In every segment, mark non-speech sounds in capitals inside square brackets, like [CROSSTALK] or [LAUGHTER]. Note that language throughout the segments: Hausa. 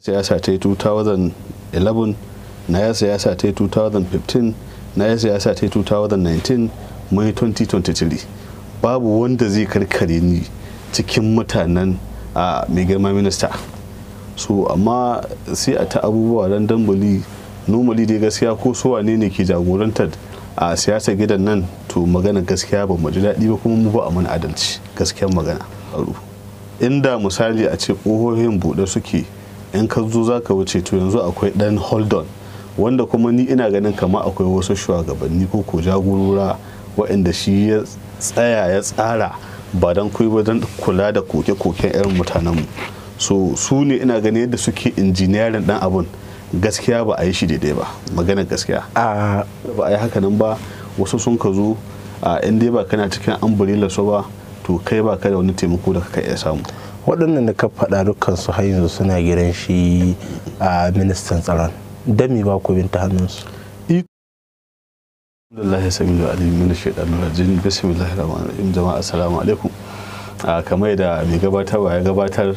siyasa ta 2011 na ya siyasa ta 2015 na ya siyasa ta 2019 mai 2023 babu wanda zai karkare ni cikin mutanen a mai girma minista so amma sai a ta abubuwa don dambali normally dai gaskiya ko suwa ne ne ke jagorantar a siyasa gidan nan to magana gaskiya ba mu ji daɗi ba kuma mu ba a mana adalci gaskiyar magana inda misali a ce ƙohohin buɗe suke in ka zo za ka wuce to yanzu akwai dan holdon wanda kuma ni ina ganin kama akwai wasu shugabanni ko ko jagorora waɗanda shi ya tsaya ya tsara ba don kai ba don kula da koke-koken irin mutanenmu so su ne ina ganin yadda suke injiniyarin dan abun gaskiya ba a yi shi daidai ba maganar gaskiya ba a yi hakanan ba wasu sun ka zo a inda ba kana cikin ambulilar so ba to kai ba ka da wani taimako da ka iya samu waɗannan da ka faɗa dukkan har yanzu suna gidan shi a ministan tsaron don me ba ku bin ta hannunsu Alhamdulillah ya sami da na shaidan rajin bismillah rahman rahim jama'a assalamu alaikum kamar da mai gabatarwa ya gabatar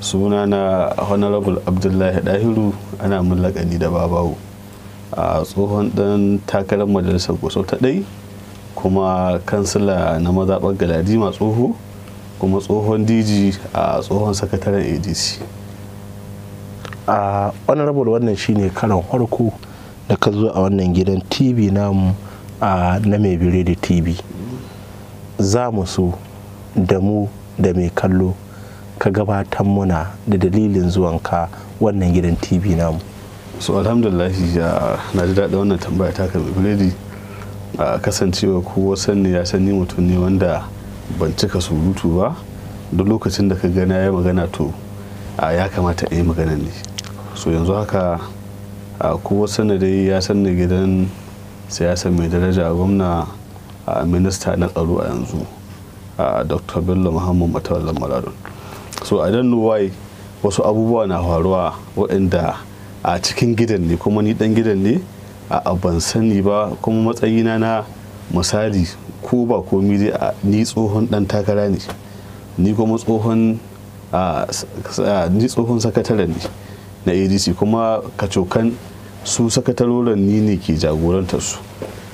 suna na honorable abdullahi dahiru ana mulakani da babawo a tsohon dan takarar majalisar kusa ta ɗai kuma kansila na mazaɓar ma tsoho kuma tsohon dg a tsohon sakataren adc a honorable wannan shine karan farko da ka zo a wannan gidan tv namu a na mai biredi tv za mu so da mu da mai kallo ka gabatar muna da dalilin zuwanka wannan gidan tv namu so alhamdulahi na ji daɗin wannan tambaya ta mai biredi a kasancewa ko ne ya sani mutum ne wanda ban cika surutu ba duk lokacin da ka gana ya magana to ya kamata a yi magana ne so yanzu haka a kowa sanadai ya san sanna gidan siyasa mai daraja gwamna a minista na tsaro a yanzu a dr bello muhammadu matawallan maradun so a know why wasu abubuwa na faruwa waɗanda a cikin gidan ne kuma ni dan gidan ne a ban sani ba kuma matsayina na misali ko ba komi dai ni tsohon dan takara ne ni kuma tsohon ni tsohon sakatare ne na adc kuma kacokan su sakatarorin ni ne ke jagorantar su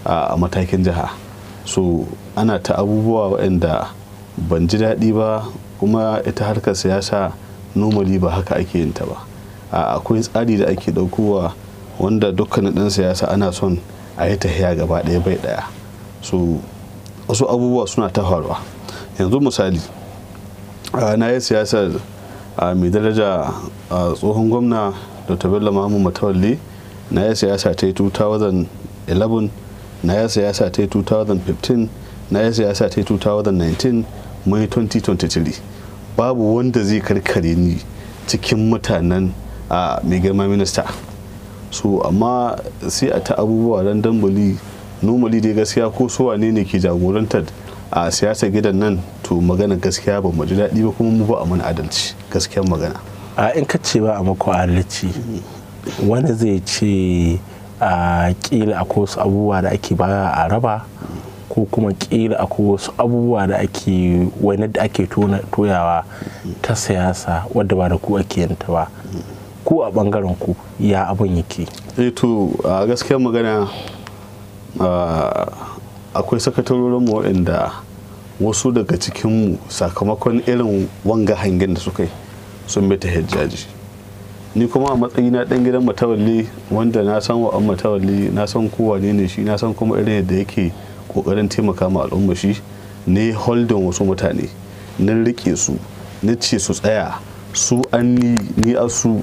a matakin jiha so ana ta abubuwa waɗanda ban ji daɗi ba kuma ita harkar siyasa nomali ba haka ake yin ta ba akwai tsari da ake ɗaukowa wanda dukkanin ɗan siyasa ana son a yi tahiya gaba ɗaya bai ɗaya so wasu abubuwa suna ta faruwa yanzu misali na yi siyasar mai daraja a tsohon gwamna ta bello mahamud matawalli na yi siyasa ta 2011 na yi siyasa ta 2015 na yi siyasa ta 2019 mai 2023 babu wanda zai karkare ni cikin mutanen a mai girma minista so amma sai a ta abubuwa don dambali normally dai gaskiya ko so wane ne ke jagorantar a siyasar gidan nan to magana gaskiya ba mu ji daɗi ba kuma mu ba a mana adalci gaskiyar magana a in ka ce ba a mako adalci wani zai ce a kila akwai wasu abubuwa da ake ba a raba ko kuma kila akwai wasu abubuwa da ake wani da ake toyawa ta siyasa wadda ba da ku ake yanta ba ku a bangaren ku ya abin yake eh to a gaskiyar magana Ah, akwai sakatarorinmu waɗanda wasu daga cikinmu sakamakon irin wanga hangen da suka yi sun bi ta hajjaji ni kuma a matsayina ɗan gidan matawalli wanda na san wa an matawalli na san kowa ne ne shi na san kuma irin yadda yake ƙoƙarin taimaka ma al'umma shi ne holdin wasu mutane na riƙe su na ce su tsaya su an ni ni su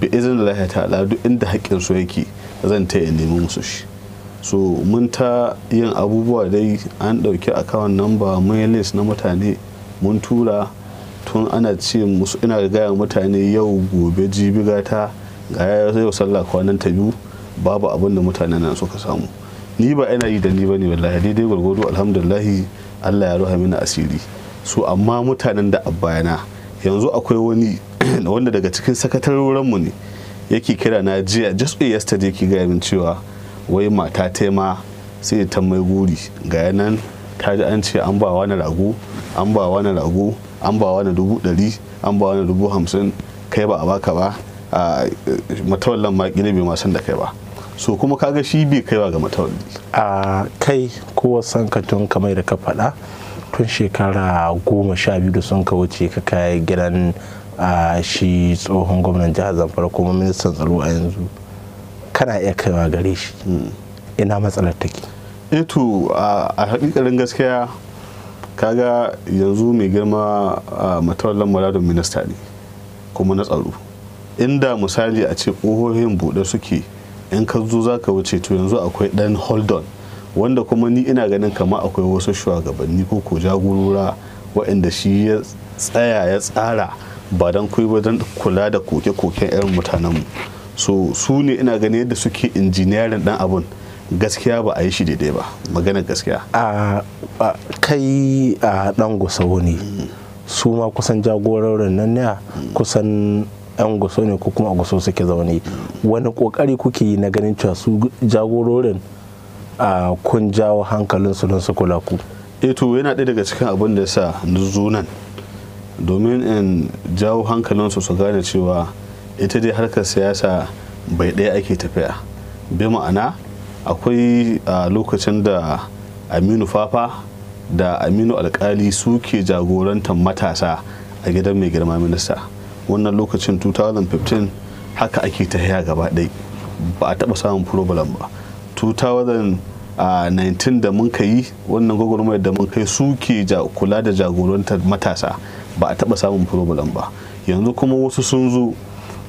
bi izinin lahiya ta'ala duk inda haƙƙin su yake zan taya neman musu shi so mun ta yin abubuwa dai an ɗauki akawun namba mun list na mutane mun tura tun ana ce musu ina gaya mutane yau gobe jibi gata ga yau sallah kwanan ta biyu babu abin da mutanen nan suka samu ni ba ina yi da ni ba bane wallahi daidai gwargwado alhamdulillahi Allah ya ruha mini asiri so amma mutanen da abbayana yanzu akwai wani [CLEARS THROAT] wanda daga cikin sakatarorinmu ne yake kira na jiya just yesterday ki gaya min cewa wai mata taima sai ta mai guri ga yanan ta ji an ce an ba wani rago an ba wani rago an ba wani dubu ɗari an ba wani dubu hamsin kai ba a baka ba a matawallan ma gina bai masan da kai ba so kuma kaga shi bai kaiwa ga matawalli a kai ko san ka tun kamar da ka faɗa tun shekara goma sha biyu da sun ka wuce ka kai gidan shi tsohon gwamnan jihar zamfara kuma ministan tsaro a yanzu kana iya kaiwa gare shi ina matsalar take eto eh a hakikarin gaskiya kaga yanzu mai girma matawallan maradun minista ne kuma na tsaro inda misali a ce ƙohohin buɗe suke in ka zo za ka wuce to yanzu akwai ɗan holdon wanda kuma ni ina ganin kama akwai wasu shugabanni ko ko jagorora waɗanda shi ya tsaya ya tsara ba don kuwa don kula da koke-koken 'yan mutanenmu so su ne ina gani yadda suke injiniyarin dan abun gaskiya ba a yi shi daidai ba maganar gaskiya a kai a dan gusau ne su ma kusan jagororin nan ne kusan yan gusau ne ko kuma a gusau suke zaune wani kokari kuke yi na ganin cewa su jagororin a kun jawo hankalin su don su kula ku eto eh yana ɗaya daga cikin abin da ya sa nan domin in jawo hankalin su su gane cewa ita dai harkar siyasa bai ɗaya ake tafiya bi ma'ana akwai lokacin da aminu fafa da aminu alkali suke jagorantar matasa a gidan mai girma minista wannan lokacin 2015 haka ake haya gaba ɗai ba a taɓa samun problem ba 2019 da mun yi wannan gwagwarmayar da mun kai suke kula da jagorantar matasa ba a taɓa samun problem ba yanzu kuma wasu sun zo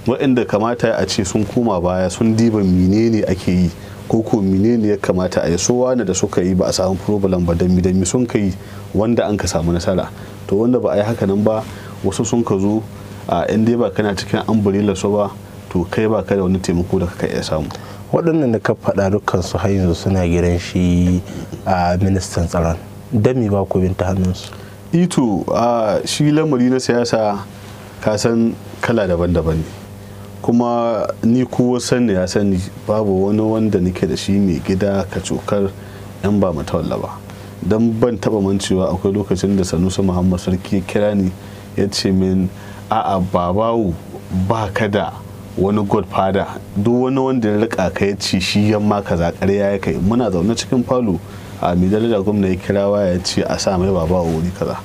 waɗanda kamata a ce sun koma baya sun diba menene ake yi ko ko menene ya kamata a yi so wani da suka yi ba a samu problem ba dami dami sun ka yi wanda an ka samu nasara to wanda ba a yi haka nan ba wasu sun ka zo a yan dai ba kana cikin umbrella so ba to kai ba ka da wani taimako da ka iya samu waɗannan da ka faɗa dukkan su har yanzu suna gidan shi a ministan tsaron dami ba ku bin ta hannunsu ito shi lamari na siyasa ka san kala daban-daban ne kuma ni kowa sani ya sani babu wani wanda nake da shi mai gida ka cokar yan ba matawalla ba don ban taba mancewa akwai lokacin da sanusi muhammad sarki ya kira ni ya ce min a'a babawu ba ka da wani godfather duk wani wanda ya rika ka ya ce shi yamma kaza karya ya kai muna zaune cikin falo a midar gwamna ya kirawa ya ce a sa mai babawu wuri kaza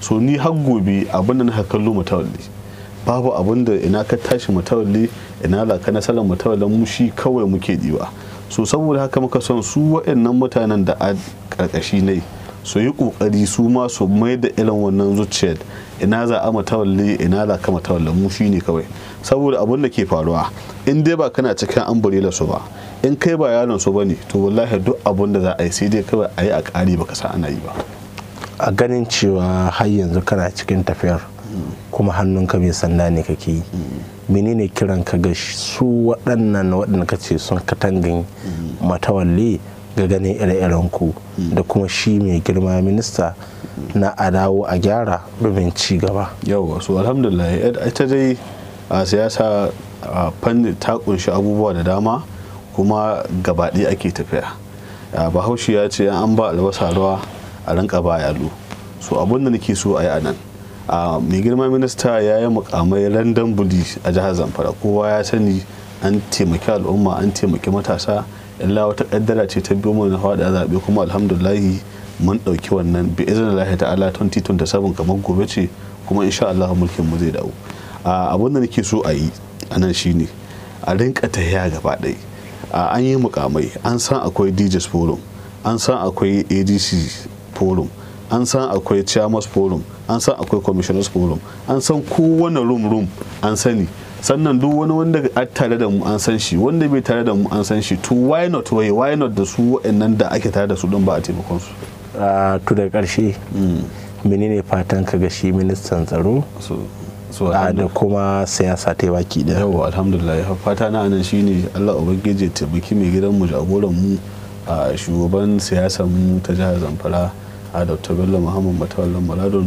so ni har gobe abin da na kallo mutawalli babu abin da ina ka tashi mutawalli ina la ka nasarar mutawallin mu shi kawai muke diwa so saboda haka muka son su waɗannan mutanen da a ƙarƙashi ne su yi ƙoƙari su ma su mai da irin wannan zuciyar ina za a matawalli ina za ka matawallin mu shi ne kawai saboda abin da ke faruwa in dai ba kana cikin amburela su ba in kai ba yaron su ba ne to wallahi duk abin da za a yi sai dai kawai a yi a ƙari baka sa ana yi ba a ganin cewa har yanzu kana cikin tafiyar kuma hannunka bai sanda ne kake yi menene kiran ka ga su waɗannan waɗanda ka ce sun katangin matawalle ga ganin ire-iren ku da kuma shi mai girma minista na adawo a gyara domin ci gaba yawwa su alhamdulillah ita dai a siyasa fanni ta kunshi abubuwa da dama kuma gabaɗi ake tafiya bahaushe ya ce an ba albasa ruwa a rinka ba yalo so abin da nake so a yi a nan mai girma minista ya yi mukamai randan buli a jihar zamfara kowa ya sani an taimaki al'umma an taimaki matasa illa wata kaddara ce ta biyu na faɗa zaɓe kuma alhamdulahi mun ɗauki wannan bi izin lahi ta'ala 2027 kamar gobe ce kuma insha Allah mulkin mu zai dawo abin da nake so a yi a nan shine a rinka ta tahiya gaba ɗai an yi mukamai an san akwai DJs forum an san akwai ADC forum an san akwai Chairman's forum an san akwai commissioners forum an san kowane room room an sani sannan duk wani wanda a tare da mu an san shi wanda bai tare da mu an san shi to why not why why not da su waannan da ake tare da su din ba a taimakon su ah, to da karshe hmm. menene fatan ka ga shi ministan tsaro ah, da kuma siyasa ta baki da yawa alhamdulillah fata na anan shine Allah ubangiji taimaki mai gidan mu jagoran mu a ah, shugaban siyasar mu ta jihar Zamfara a Dr. Bello Muhammad Matawallan Maladon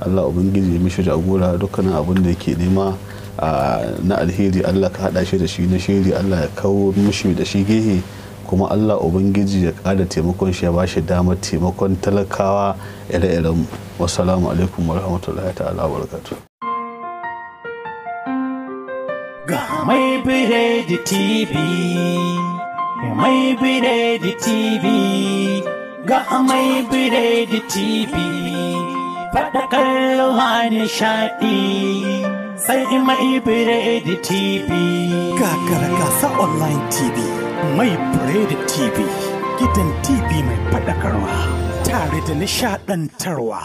allah ubangiji ya mishi jagora dukkanin abin da yake nema na alheri allah ka hada shi da shi na shiri allah ya kawo mishi da shi gehe kuma allah ubangiji ya kada taimakon shi ya ba shi damar taimakon talakawa ire-iren wasalamu alaikum wa rahmatullahi ta'ala wa ga mai biredi tv mai biredi tv ga mai biredi tv faɗakar ruwa nishaɗi sai mai biredi TV. Kakara gasa online TV, mai biredi TV, gidan TV mai faɗakarwa tare da nishaɗantarwa.